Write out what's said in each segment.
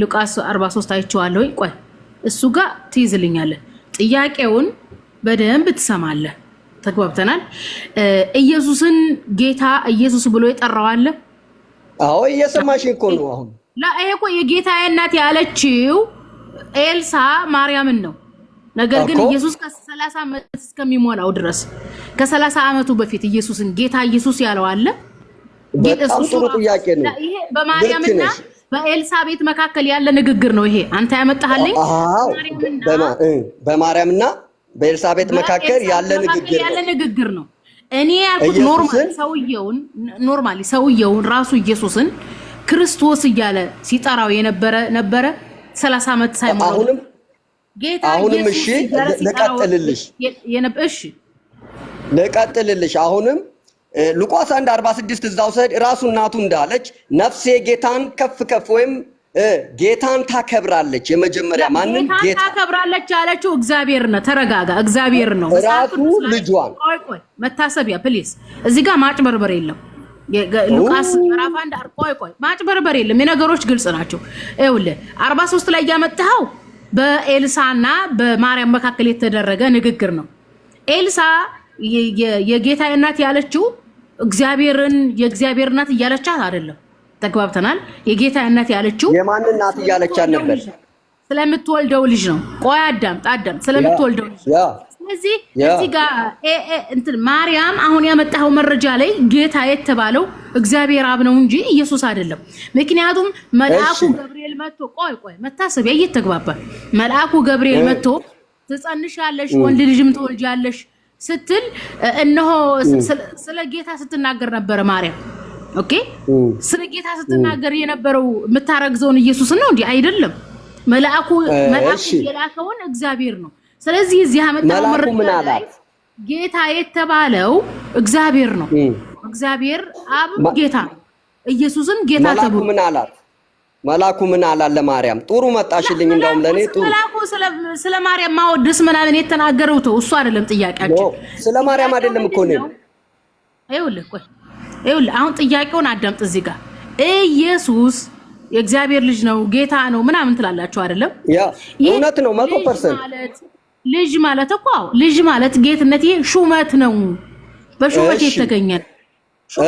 ሉቃስ 43 አይቼዋለሁኝ። ቆይ እሱ ጋር ትይዝልኛለህ። ጥያቄውን በደንብ ትሰማለህ። ተግባብተናል። ኢየሱስን ጌታ ኢየሱስ ብሎ የጠራዋለ። አዎ እየሰማሽ እኮ ነው። አሁን ይሄ እኮ የጌታዬ እናት ያለችው ኤልሳ ማርያምን ነው። ነገር ግን ኢየሱስ ከሰላሳ ዓመት እስከሚሞላው ድረስ ከሰላሳ ዓመቱ በፊት ኢየሱስን ጌታ ኢየሱስ ያለው አለ። በጣም ጥሩ ጥያቄ ነው። ይሄ በማርያምና በኤልሳቤት መካከል ያለ ንግግር ነው ይሄ። አንተ ያመጣሃለኝ በማርያምና በኤልሳቤት መካከል ያለ ንግግር ያለ ንግግር ነው። እኔ ያልኩት ኖርማል ሰውየውን ኖርማሊ ሰውየውን ራሱ ኢየሱስን ክርስቶስ እያለ ሲጠራው የነበረ ነበረ 30 ዓመት ሳይሞላው ጌታ አሁንም እሺ ልቀጥልልሽ፣ እሺ ልቀጥልልሽ አሁንም ሉቃስ 1 46 እዛው ሰድ ራሱ እናቱ እንዳለች ነፍሴ ጌታን ከፍ ከፍ ወይም ጌታን ታከብራለች። የመጀመሪያ ማንን ጌታ ታከብራለች ያለችው እግዚአብሔር ነው። ተረጋጋ። እግዚአብሔር ነው ራሱ ልጇን። ቆይ ቆይ፣ መታሰቢያ ፕሊዝ። እዚህ ጋር ማጭበርበር የለም። ሉቃስ ምዕራፍ አንድ ቆይ ቆይ፣ ማጭበርበር የለም። የነገሮች ግልጽ ናቸው። ይኸውልህ 43 ላይ እያመጣኸው በኤልሳና በማርያም መካከል የተደረገ ንግግር ነው። ኤልሳ የጌታ እናት ያለችው እግዚአብሔርን የእግዚአብሔር እናት እያለቻት አይደለም። ተግባብተናል። የጌታ እናት ያለችው የማን እናት እያለቻት ነበር? ስለምትወልደው ልጅ ነው። ቆይ አዳም ጣዳም ስለምትወልደው ልጅ ስለዚህ እዚህ ጋር ማርያም አሁን ያመጣኸው መረጃ ላይ ጌታ የተባለው እግዚአብሔር አብ ነው እንጂ ኢየሱስ አይደለም። ምክንያቱም መልአኩ ገብርኤል መጥቶ ቆይ ቆይ መታሰቢያ እየተግባባል መልአኩ ገብርኤል መጥቶ ትጸንሻለሽ፣ ወንድ ልጅም ትወልጃለሽ ስትል እነሆ ስለ ጌታ ስትናገር ነበረ ማርያም። ኦኬ ስለ ጌታ ስትናገር የነበረው የምታረግዘውን ኢየሱስ ነው እንዲህ አይደለም። መልአኩ መልአኩ የላከውን እግዚአብሔር ነው። ስለዚህ እዚህ አመጣው መረጃ ላይ ጌታ የተባለው እግዚአብሔር ነው። እግዚአብሔር አብ ጌታ ነው። ኢየሱስም ጌታ ተብሎ ምን አላት? መላኩ ምን አላለ? ማርያም ጥሩ መጣሽልኝ። እንደውም ለኔ ጥሩ መላኩ ስለ ማርያም ማወደስ ምናምን የተናገረው ተው፣ እሱ አይደለም ጥያቄያችን። ስለ ማርያም አይደለም እኮ ነው። ይኸውልህ፣ ቆይ ይኸውልህ፣ አሁን ጥያቄውን አዳምጥ። እዚህ ጋር ኢየሱስ የእግዚአብሔር ልጅ ነው ጌታ ነው ምናምን ትላላችሁ አይደለም? እውነት ነው። 100% ልጅ ማለት እኮ ልጅ ማለት ጌትነት፣ ይሄ ሹመት ነው። በሹመት የተገኘ ነው።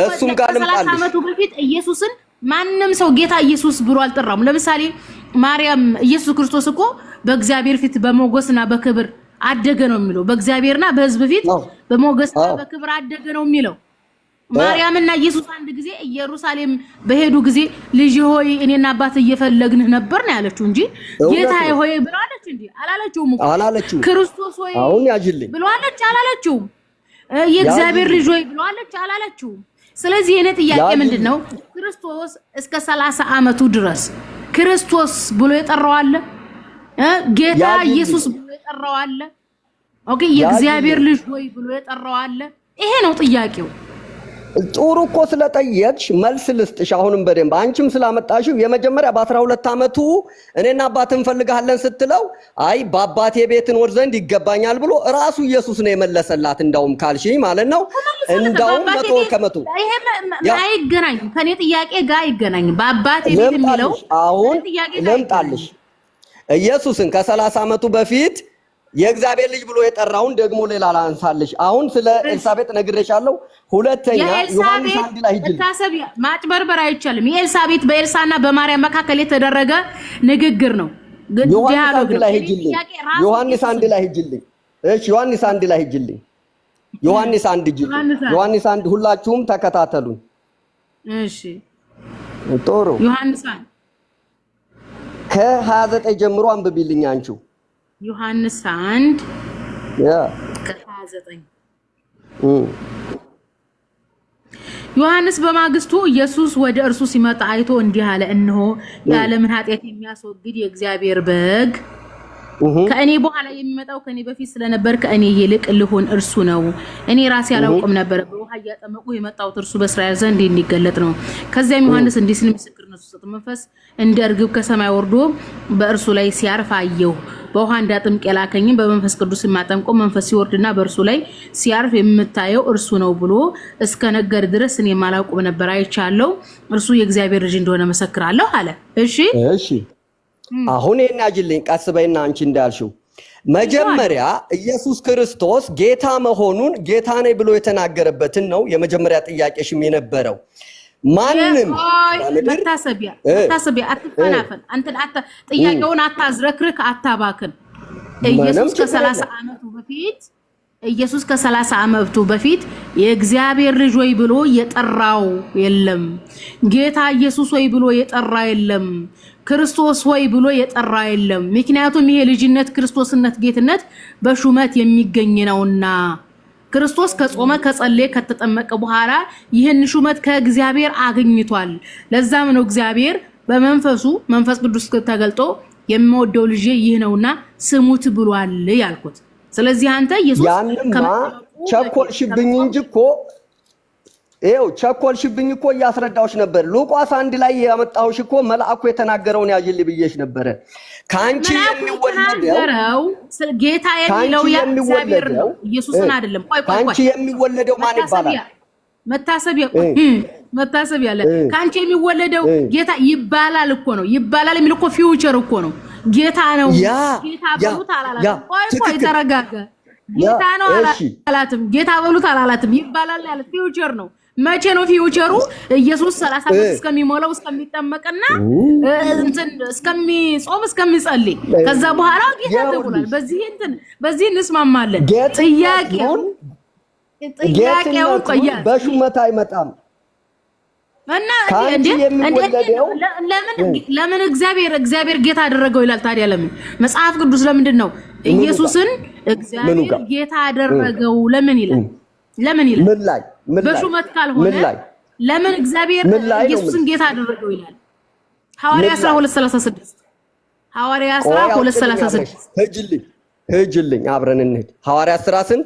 እሱም ጋር ልምጣልሽ። ዓመቱ በፊት ኢየሱስን ማንም ሰው ጌታ ኢየሱስ ብሎ አልጠራውም። ለምሳሌ ማርያም ኢየሱስ ክርስቶስ እኮ በእግዚአብሔር ፊት በሞገስና በክብር አደገ ነው የሚለው። በእግዚአብሔርና በሕዝብ ፊት በሞገስና በክብር አደገ ነው የሚለው። ማርያምና ኢየሱስ አንድ ጊዜ ኢየሩሳሌም በሄዱ ጊዜ ልጅ ሆይ እኔና አባት እየፈለግንህ ነበር ነው ያለችው እንጂ ጌታ ሆይ ብሎ አለች እንጂ አላለችውም። አላለችው ክርስቶስ ሆይ አሁን ያጅልኝ ብሎ አለች አላለችውም። የእግዚአብሔር ልጅ ሆይ ብሎ አለች አላለችውም። ስለዚህ የእኔ ጥያቄ ምንድን ነው? ክርስቶስ እስከ ሰላሳ ዓመቱ ድረስ ክርስቶስ ብሎ የጠራዋለ ጌታ ኢየሱስ ብሎ የጠራዋለ ኦኬ፣ የእግዚአብሔር ልጅ ሆይ ብሎ የጠራዋለ ይሄ ነው ጥያቄው። ጥሩ እኮ ስለጠየቅሽ መልስ ልስጥሽ። አሁንም በደንብ አንቺም ስላመጣሽው የመጀመሪያ በአስራ ሁለት ዓመቱ እኔና አባት እንፈልግሃለን ስትለው አይ በአባቴ ቤት እኖር ዘንድ ይገባኛል ብሎ ራሱ ኢየሱስ ነው የመለሰላት። እንዳውም ካልሽኝ ማለት ነው እንዳውም መቶ ከመቶ ከኔ ጥያቄ ጋር አይገናኝም። በአባቴ ቤት የሚለው አሁን ልምጣልሽ ኢየሱስን ከሰላሳ ዓመቱ በፊት የእግዚአብሔር ልጅ ብሎ የጠራውን ደግሞ ሌላ ላንሳልሽ። አሁን ስለ ኤልሳቤጥ ነግሬሻለሁ። ሁለተኛ ዮሐንስ አንድ ላይ ሂጂ። ታሰብ ማጭበርበር አይቻልም። የኤልሳቤጥ በኤልሳና በማርያም መካከል የተደረገ ንግግር ነው። ዮሐንስ አንድ ላይ ሂጂልኝ። ዮሐንስ አንድ ላይ ሂጂልኝ። እሺ፣ ዮሐንስ አንድ ላይ ሂጂልኝ። ዮሐንስ አንድ ሂጂልኝ። ዮሐንስ አንድ ሁላችሁም ተከታተሉኝ። እሺ፣ ጥሩ ዮሐንስ አንድ ከ29 ጀምሮ አንብቢልኝ አንቺው ዮሐንስ አንድ ከሀያ ዘጠኝ ዮሐንስ በማግስቱ ኢየሱስ ወደ እርሱ ሲመጣ አይቶ እንዲህ አለ፣ እነሆ የዓለምን ኃጢአት የሚያስወግድ የእግዚአብሔር በግ ከእኔ በኋላ የሚመጣው ከእኔ በፊት ስለነበር ከእኔ ይልቅ ልሆን እርሱ ነው። እኔ ራሴ አላውቅም ነበረ። በውሃ እያጠመቁ የመጣሁት እርሱ በእስራኤል ዘንድ እንዲገለጥ ነው። ከዚያም ዮሐንስ እንዲህ ሲል ምስክርነቱ ሰጥ መንፈስ እንደ እርግብ ከሰማይ ወርዶ በእርሱ ላይ ሲያርፍ አየሁ። በውሃ እንዳጥምቅ የላከኝም በመንፈስ ቅዱስ የማጠምቀው መንፈስ ሲወርድና በእርሱ ላይ ሲያርፍ የምታየው እርሱ ነው ብሎ እስከ ነገር ድረስ እኔ አላውቅም ነበር፣ አይቻለው እርሱ የእግዚአብሔር ልጅ እንደሆነ መሰክራለሁ አለ። እሺ እሺ አሁን ይህን ያጅልኝ፣ ቀስ በይና አንቺ እንዳልሽው መጀመሪያ ኢየሱስ ክርስቶስ ጌታ መሆኑን ጌታ ነኝ ብሎ የተናገረበትን ነው የመጀመሪያ ጥያቄሽም የነበረው። ማንም መታሰቢያ መታሰቢያ አትፈናፈን፣ እንትን ጥያቄውን አታዝረክርክ፣ አታባክን። ኢየሱስ ከሰላሳ ዓመቱ በፊት ኢየሱስ ከሰላሳ ዓመቱ በፊት የእግዚአብሔር ልጅ ወይ ብሎ የጠራው የለም። ጌታ ኢየሱስ ወይ ብሎ የጠራ የለም። ክርስቶስ ወይ ብሎ የጠራ የለም። ምክንያቱም ይሄ ልጅነት፣ ክርስቶስነት፣ ጌትነት በሹመት የሚገኝ ነውና ክርስቶስ ከጾመ ከጸለየ ከተጠመቀ በኋላ ይህን ሹመት ከእግዚአብሔር አግኝቷል። ለዛም ነው እግዚአብሔር በመንፈሱ መንፈስ ቅዱስ ተገልጦ የሚወደው ልጄ ይህ ነውና ስሙት ብሏል ያልኩት። ስለዚህ አንተ ኢየሱስ ቸኮልሽብኝ እንጂ እኮ ይኸው ቸኮልሽብኝ እኮ እያስረዳሁሽ ነበር። ሉቃስ አንድ ላይ ያመጣሁሽ እኮ መልአኩ የተናገረውን ያዥል ብዬሽ ነበረ። ከአንቺ የሚወለደው ጌታ የሚለው እግዚአብሔር ኢየሱስን አይደለም። ከአንቺ የሚወለደው ማን ይባላል? መታሰቢያ መታሰቢያ አለ። ከአንቺ የሚወለደው ጌታ ይባላል እኮ ነው። ይባላል የሚል እኮ ፊውቸር እኮ ነው። ጌታ ነው። ጌታ በሉት አላላትም። ቆይ ቆይ ተረጋጋ። ጌታ ነው አላላትም። ጌታ በሉት አላላትም። ይባላል ያለ ፊውቸር ነው። መቼ ነው ፊውቸሩ? ኢየሱስ ሰላሳ ዓመት እስከሚሞላው እስከሚጠመቅና እንትን እስከሚጾም እስከሚጸልይ ከዛ በኋላ ጌታ ተብሏል። በዚህ እንትን በዚህ እንስማማለን። ጥያቄው ጥያቄው ቆያ በሹመት አይመጣም እና ለምን እግዚአብሔር እግዚአብሔር ጌታ አደረገው ይላል? ታዲያ ለምን መጽሐፍ ቅዱስ ለምንድን ነው ኢየሱስን እግዚአብሔር ጌታ አደረገው ለምን ይላል? ለምን ይላል? በሹመት ካልሆነ ለምን እግዚአብሔር ኢየሱስን ጌታ አደረገው ይላል? ሐዋርያ ሐዋርያ ሂጅልኝ ሂጅልኝ አብረን እንሂድ። ሐዋርያ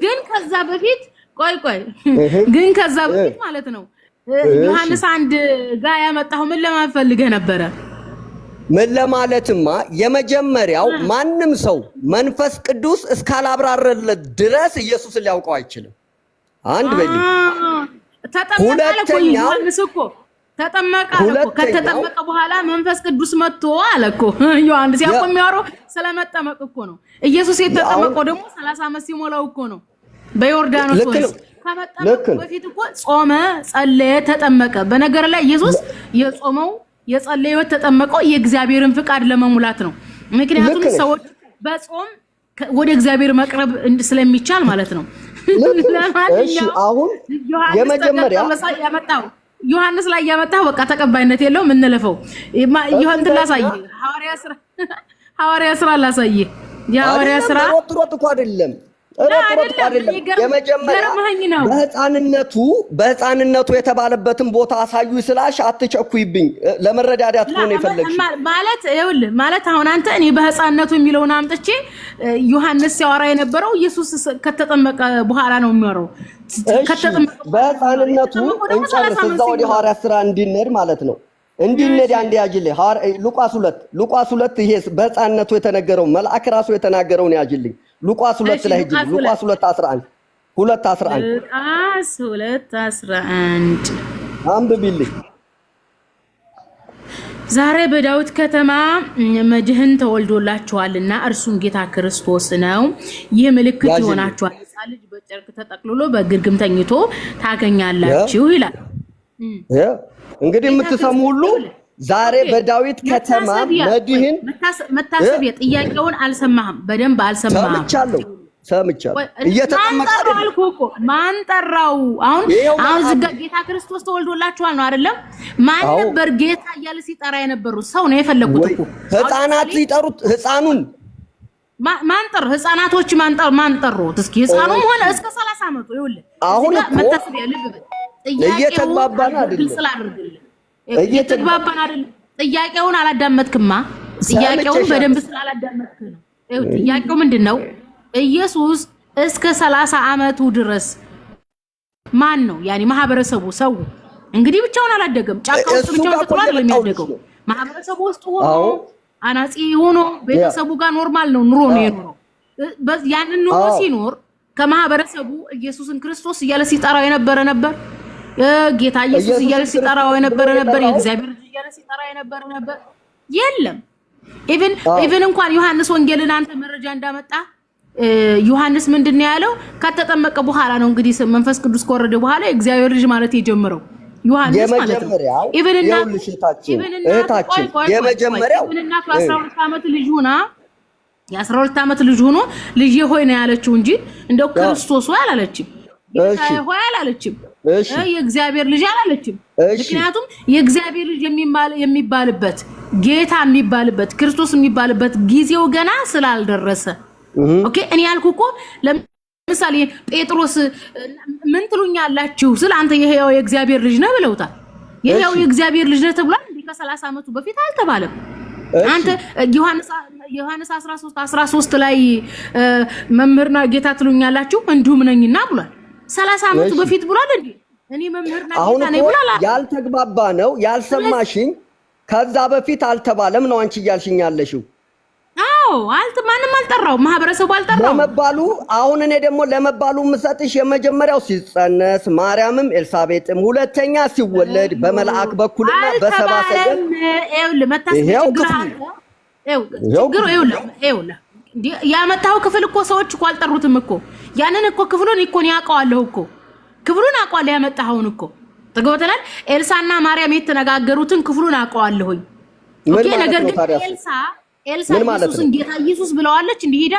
ግን ከዛ በፊት ቆይ ቆይ ግን ከዛ በፊት ማለት ነው ዮሐንስ አንድ ጋር ምን ነበረ? ምን ለማለትማ የመጀመሪያው ማንም ሰው መንፈስ ቅዱስ እስካላብራረለት ድረስ ኢየሱስን ሊያውቀው አይችልም። አንድ በል ተጠመቀ አለኮ። ከተጠመቀ በኋላ መንፈስ ቅዱስ መጥቶ አለኮ። ዮሐንስ የሚያወራው ስለመጠመቅ እኮ ነው። ኢየሱስ የተጠመቀው ደግሞ ሰላሳ ዓመት ሲሞላው እኮ ነው በዮርዳኖስ ወንዝ። ከመጠመቁ በፊት እኮ ጾመ፣ ጸለየ፣ ተጠመቀ። በነገር ላይ ኢየሱስ የጾመው የጸለየው የተጠመቀው የእግዚአብሔርን ፍቃድ ለመሙላት ነው። ምክንያቱም ሰዎች በጾም ወደ እግዚአብሔር መቅረብ ስለሚቻል ማለት ነው። አሁን የመጀመሪያ ያመጣው ዮሐንስ ላይ ያመጣው በቃ ተቀባይነት የለውም። እንለፈው። ዮሐንስ ላሳይህ፣ ሐዋርያ ስራ ሐዋርያ ስራ ላሳይህ። የሐዋርያ ስራ ሮጥ ሮጥ እኮ አይደለም በህፃንነቱ በህፃንነቱ የተባለበትን ቦታ አሳዩ ስላሽ አትቸኩይብኝ። ለመረዳዳት ሆነ የፈለግሽ ማለት ይኸውልህ፣ ማለት አሁን አንተ እኔ በህፃንነቱ የሚለውን አምጥቼ ዮሐንስ ሲያወራ የነበረው ኢየሱስ ከተጠመቀ በኋላ ነው የሚወራው። በህፃንነቱ እንጨርስ፣ እዛ ወደ ሐዋርያት ስራ ማለት ነው እንዲነድ አንድ ያጅልኝ ሉቃስ ሁለት ሉቃስ ሁለት ይሄ በህፃንነቱ የተነገረው መልአክ ራሱ የተናገረውን ያጅልኝ ሉቃስ ሁለት ላይ ሂጂ። ሉቃስ ሁለት አስራ አንድ ሁለት አስራ አንድ ሉቃስ ሁለት አስራ አንድ አንብቢልኝ። ዛሬ በዳዊት ከተማ መድህን ተወልዶላችኋልና እርሱም ጌታ ክርስቶስ ነው። ይህ ምልክት ይሆናችኋል፣ ሕፃን ልጅ በጨርቅ ተጠቅልሎ በግርግም ተኝቶ ታገኛላችሁ ይላል። እንግዲህ የምትሰሙ ሁሉ ዛሬ በዳዊት ከተማ መድህን መታሰቢያ ጥያቄውን አልሰማህም፣ በደንብ አልሰማህም። ሰምቻለሁ ሰምቻለሁ። እየተጠመቀ አልኩ ማን ጠራው? አሁን አሁን ዝጋ ጌታ ክርስቶስ ተወልዶላችኋል ነው አይደለም? ማን ነበር ጌታ እያለ ሲጠራ የነበሩ ሰው ነው የፈለጉት እኮ ህፃናት ሊጠሩት ህፃኑን ማን ጠሩ? ህፃናቶች ማን ማን ጠሩት? እስኪ ህፃኑም ሆነ እስከ 30 ዓመቱ ይውል አሁን መታሰቢያ ልብ በል። አይደለም ግልጽ ላድርግልህ እየተግባባን አይደለም። ጥያቄውን አላዳመጥክማ። ጥያቄውን በደንብ ስላላዳመጥክ ነው። ጥያቄው ምንድን ነው? ኢየሱስ እስከ ሰላሳ ዓመቱ ድረስ ማን ነው ያኔ ማህበረሰቡ ሰው እንግዲህ ብቻውን አላደገም። ጫካ ውስጥ ብቻውን ተጥሎ አይደለም ያደገው። ማህበረሰቡ ውስጥ ሆኖ አናጺ ሆኖ ቤተሰቡ ጋር ኖርማል ነው ኑሮ ነው የኖረው። ያንን ኑሮ ሲኖር ከማህበረሰቡ ኢየሱስን ክርስቶስ እያለ ሲጠራው የነበረ ነበር ጌታ ኢየሱስ እያለ ሲጠራው የነበረ ነበር። የእግዚአብሔር ልጅ እያለ ሲጠራ የነበረ ነበር። የለም ኢቭን ኢቭን እንኳን ዮሐንስ ወንጌልን አንተ መረጃ እንዳመጣ ዮሐንስ ምንድን ነው ያለው? ከተጠመቀ በኋላ ነው እንግዲህ መንፈስ ቅዱስ ከወረደ በኋላ የእግዚአብሔር ልጅ ማለት የጀመረው ዮሐንስ ማለት ነው። ኢቭን እና ኢቭን እና የመጀመሪያው ኢቭን እና 12 ዓመት ልጅ ሆና የአስራ ሁለት ዓመት ልጅ ሆኖ ልጅ ሆይ ነው ያለችው እንጂ እንደው ክርስቶስ ሆይ አላለችም። ጌታ ሆይ አላለችም። የእግዚአብሔር ልጅ አላለችም። ምክንያቱም የእግዚአብሔር ልጅ የሚባልበት ጌታ የሚባልበት ክርስቶስ የሚባልበት ጊዜው ገና ስላልደረሰ፣ ኦኬ እኔ ያልኩ እኮ ለምሳሌ ጴጥሮስ ምን ትሉኛላችሁ ስለ አንተ የህያው የእግዚአብሔር ልጅ ነህ ብለውታል። የህያው የእግዚአብሔር ልጅ ነህ ተብሏል። እንዲህ ከሰላሳ ዓመቱ በፊት አልተባለም። አንተ ዮሐንስ 13 13 ላይ መምህርና ጌታ ትሉኛላችሁ እንዲሁም ነኝና ብሏል። ሰላሳ ዓመቱ በፊት ብሏል እንዴ? እኔ መምህር ነኝ ያልተግባባ ነው ያልሰማሽኝ። ከዛ በፊት አልተባለም ነው አንቺ እያልሽኝ ያለሽው። አዎ አልተ ማንም አልጠራው ማህበረሰቡ አልጠራው ለመባሉ። አሁን እኔ ደግሞ ለመባሉ ምሰጥሽ የመጀመሪያው ሲጸነስ ማርያምም ኤልሳቤጥም፣ ሁለተኛ ሲወለድ በመልአክ በኩልና በሰባ ሰገል ይሄው ይሄው ይሄው ያመጣው ክፍል እኮ ሰዎች እኮ አልጠሩትም እኮ ያንን እኮ ክፍሉን እኮ ነው ያውቀዋለሁ እኮ ክፍሉን አውቀዋለሁ። ያመጣኸውን እኮ ተገበተላል። ኤልሳና ማርያም የተነጋገሩትን ክፍሉን አውቀዋለሁኝ። ኦኬ። ነገር ግን ኤልሳ ኤልሳ ኢየሱስን ጌታ ኢየሱስ ብለዋለች። እንዲህ ሄዳ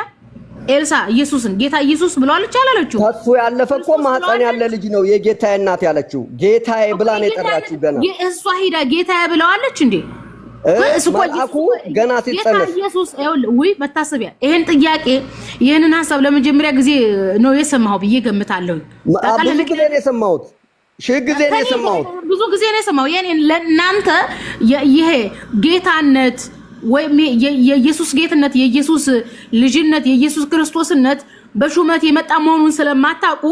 ኤልሳ ኢየሱስን ጌታ ኢየሱስ ብለዋለች አላለችው? ከሱ ያለፈ እኮ ማህፀን ያለ ልጅ ነው የጌታዬ እናት ያለችው። ጌታዬ ብላ ነው የጠራችው። ገና እሷ ሄዳ ጌታዬ ብለዋለች እንዴ? መልአኩ ገና ሲጠነስ መታሰቢያ ይሄን ጥያቄ ይሄንን ሀሳብ ለመጀመሪያ ጊዜ ነው የሰማኸው ብዬ ገምታለሁ። ብዙ ጊዜ ነው የሰማሁት፣ ሺህ ጊዜ ነው የሰማሁት፣ ብዙ ጊዜ ነው የሰማሁት። ይሄ ለእናንተ ይሄ ጌታነት ወይም የኢየሱስ ጌትነት፣ የኢየሱስ ልጅነት፣ የኢየሱስ ክርስቶስነት በሹመት የመጣ መሆኑን ስለማታውቁ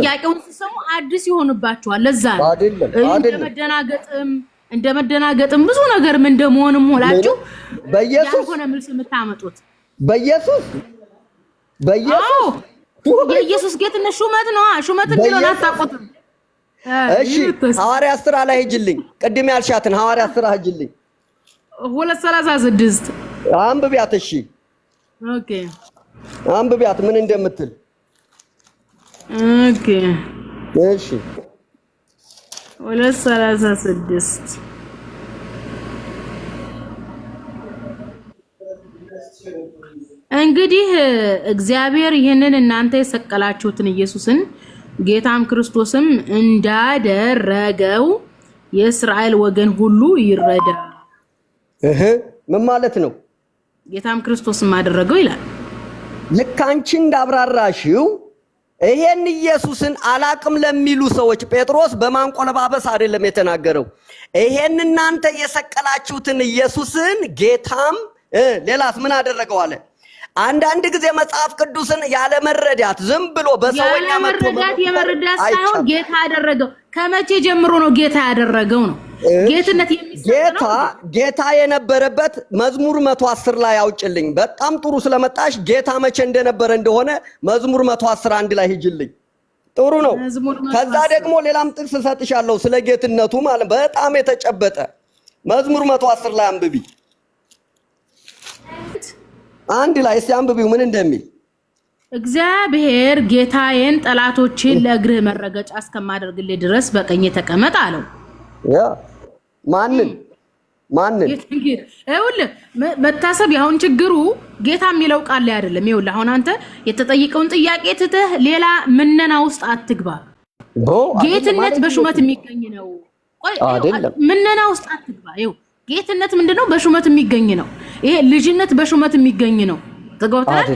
ጥያቄውን ሲሰሙ አዲስ ይሆንባችኋል። ለዛ ነው አይደለም አይደለም መደናገጥም እንደ መደናገጥም ብዙ ነገርም እንደመሆንም ሆላችሁ በኢየሱስ ሆነ ምልስ የምታመጡት በኢየሱስ በኢየሱስ የኢየሱስ ጌትነት ሹመት ነው። ሹመት እንደሆነ አታውቁትም። እሺ ሐዋርያት ስራ ላይ ሂጅልኝ። ቅድም ያልሻትን ሐዋርያት ስራ ሂጅልኝ። ሁለት ሰላሳ ስድስት አንብቢያት። እሺ ኦኬ፣ አንብቢያት ምን እንደምትል ኦኬ፣ እሺ ሁለት ሰላሳ ስድስት እንግዲህ እግዚአብሔር ይህንን እናንተ የሰቀላችሁትን ኢየሱስን ጌታም ክርስቶስም እንዳደረገው የእስራኤል ወገን ሁሉ ይረዳ። ምን ማለት ነው? ጌታም ክርስቶስም አደረገው ይላል። ልክ አንቺ እንዳብራራሽው ይሄን ኢየሱስን አላቅም ለሚሉ ሰዎች ጴጥሮስ በማንቆለባበስ አይደለም የተናገረው። ይሄን እናንተ የሰቀላችሁትን ኢየሱስን ጌታም ሌላስ ምን አደረገው አለ። አንዳንድ ጊዜ መጽሐፍ ቅዱስን ያለመረዳት ዝም ብሎ በሰውኛ መረዳት የመረዳት ሳይሆን ጌታ ያደረገው ከመቼ ጀምሮ ነው ጌታ ያደረገው ነው ጌትነት ጌታ ጌታ የነበረበት መዝሙር መቶ አስር ላይ አውጭልኝ። በጣም ጥሩ ስለመጣሽ ጌታ መቼ እንደነበረ እንደሆነ መዝሙር መቶ አስር አንድ ላይ ሂጅልኝ። ጥሩ ነው። ከዛ ደግሞ ሌላም ጥቅስ እሰጥሻለሁ ስለ ጌትነቱ ማለት በጣም የተጨበጠ መዝሙር መቶ አስር ላይ አንብቢ አንድ ላይ እስቲ አንብቢው ምን እንደሚል እግዚአብሔር ጌታዬን ጠላቶችን ለእግርህ መረገጫ እስከማደርግልህ ድረስ በቀኝ ተቀመጥ አለው። ያ ማንን ማንን ይኸውልህ፣ መታሰብ ያሁን ችግሩ ጌታ የሚለው ቃል ላይ አይደለም። ይኸውልህ አሁን አንተ የተጠየቀውን ጥያቄ ትተህ ሌላ ምነና ውስጥ አትግባ። ጌትነት በሹመት የሚገኝ ነው። ምነና ውስጥ አትግባ። ይኸው ጌትነት ምንድን ነው? በሹመት የሚገኝ ነው። ይሄ ልጅነት በሹመት የሚገኝ ነው። ተግባብተናል።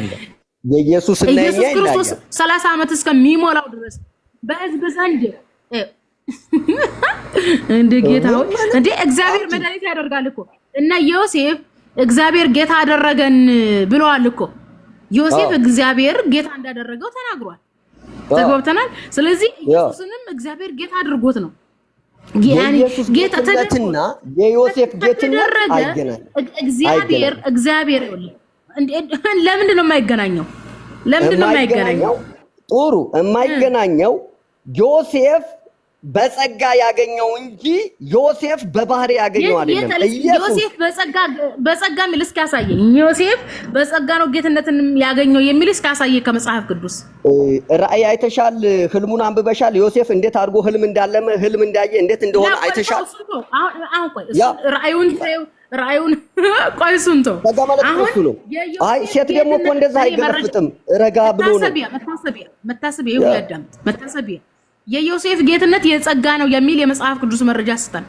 የኢየሱስ ክርስቶስ ሰላሳ ዓመት እስከሚሞላው ድረስ በህዝብ ዘንድ እንደ ጌታ ሆይ እንደ እግዚአብሔር መድኃኒት ያደርጋል እኮ እና ዮሴፍ እግዚአብሔር ጌታ አደረገን ብለዋል እኮ ዮሴፍ እግዚአብሔር ጌታ እንዳደረገው ተናግሯል። ተግባብተናል። ስለዚህ ኢየሱስንም እግዚአብሔር ጌታ አድርጎት ነው። ጌታነትና የዮሴፍ ጌትነት አይገናኝም። እግዚአብሔር እግዚአብሔር ለምንድን ነው የማይገናኘው? ለምንድን ነው የማይገናኘው? ጥሩ የማይገናኘው ዮሴፍ በጸጋ ያገኘው እንጂ ዮሴፍ በባህሪ ያገኘው አይደለም። ዮሴፍ በጸጋ በጸጋ የሚል እስኪ ያሳየኝ። ዮሴፍ በጸጋ ነው ጌትነትን ያገኘው የሚል እስኪ ያሳየኝ ከመጽሐፍ ቅዱስ። ራእይ አይተሻል? ህልሙን አንብበሻል? ዮሴፍ እንዴት አድርጎ ህልም እንዳለመ ህልም እንዳየ እንዴት እንደሆነ አይተሻል? አሁን ቆይ ራእዩን ራእዩን ቆይ እሱን ተው። አይ ሴት ደግሞ እኮ እንደዛ አይገረፍጥም፣ ረጋ ብሎ ነው መታሰቢያ መታሰቢያ መታሰቢያ የዮሴፍ ጌትነት የጸጋ ነው የሚል የመጽሐፍ ቅዱስ መረጃ ስጠን።